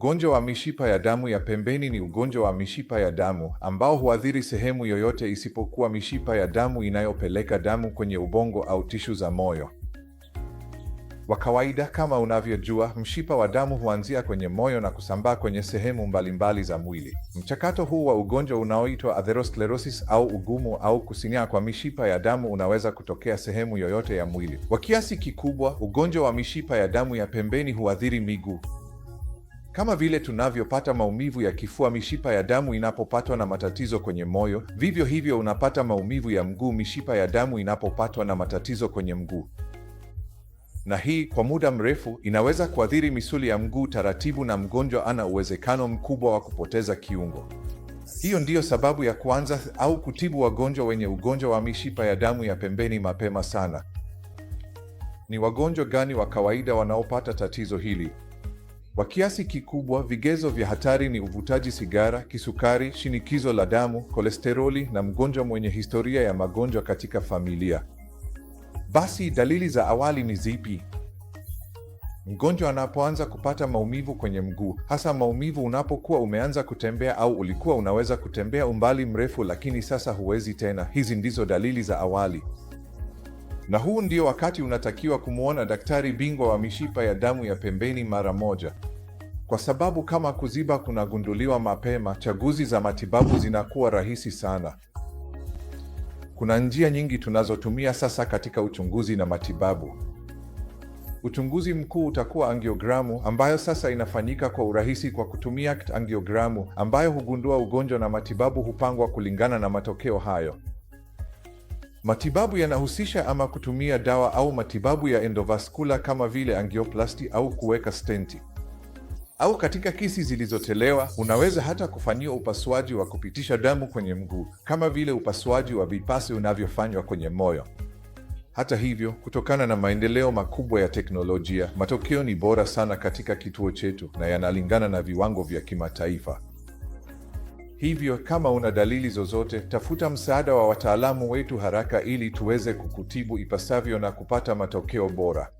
Ugonjwa wa mishipa ya damu ya pembeni ni ugonjwa wa mishipa ya damu ambao huathiri sehemu yoyote isipokuwa mishipa ya damu inayopeleka damu kwenye ubongo au tishu za moyo. Kwa kawaida, kama unavyojua, mshipa wa damu huanzia kwenye moyo na kusambaa kwenye sehemu mbalimbali za mwili. Mchakato huu wa ugonjwa unaoitwa atherosclerosis au ugumu au kusinyaa kwa mishipa ya damu unaweza kutokea sehemu yoyote ya mwili. Kwa kiasi kikubwa, ugonjwa wa mishipa ya damu ya pembeni huathiri miguu kama vile tunavyopata maumivu ya kifua, mishipa ya damu inapopatwa na matatizo kwenye moyo, vivyo hivyo unapata maumivu ya mguu, mishipa ya damu inapopatwa na matatizo kwenye mguu. Na hii kwa muda mrefu inaweza kuathiri misuli ya mguu taratibu, na mgonjwa ana uwezekano mkubwa wa kupoteza kiungo. Hiyo ndiyo sababu ya kuanza au kutibu wagonjwa wenye ugonjwa wa mishipa ya damu ya pembeni mapema sana. Ni wagonjwa gani wa kawaida wanaopata tatizo hili? Kwa kiasi kikubwa, vigezo vya hatari ni uvutaji sigara, kisukari, shinikizo la damu, kolesteroli na mgonjwa mwenye historia ya magonjwa katika familia. Basi dalili za awali ni zipi? Mgonjwa anapoanza kupata maumivu kwenye mguu, hasa maumivu unapokuwa umeanza kutembea au ulikuwa unaweza kutembea umbali mrefu, lakini sasa huwezi tena. Hizi ndizo dalili za awali, na huu ndio wakati unatakiwa kumwona daktari bingwa wa mishipa ya damu ya pembeni mara moja. Kwa sababu kama kuziba kunagunduliwa mapema, chaguzi za matibabu zinakuwa rahisi sana. Kuna njia nyingi tunazotumia sasa katika uchunguzi na matibabu. Uchunguzi mkuu utakuwa angiogramu, ambayo sasa inafanyika kwa urahisi kwa kutumia CT angiogramu, ambayo hugundua ugonjwa na matibabu hupangwa kulingana na matokeo hayo. Matibabu yanahusisha ama kutumia dawa au matibabu ya endovaskula kama vile angioplasti au kuweka stenti au katika kesi zilizotelewa unaweza hata kufanyiwa upasuaji wa kupitisha damu kwenye mguu kama vile upasuaji wa vipasi unavyofanywa kwenye moyo. Hata hivyo, kutokana na maendeleo makubwa ya teknolojia, matokeo ni bora sana katika kituo chetu na yanalingana na viwango vya kimataifa. Hivyo, kama una dalili zozote, tafuta msaada wa wataalamu wetu haraka ili tuweze kukutibu ipasavyo na kupata matokeo bora.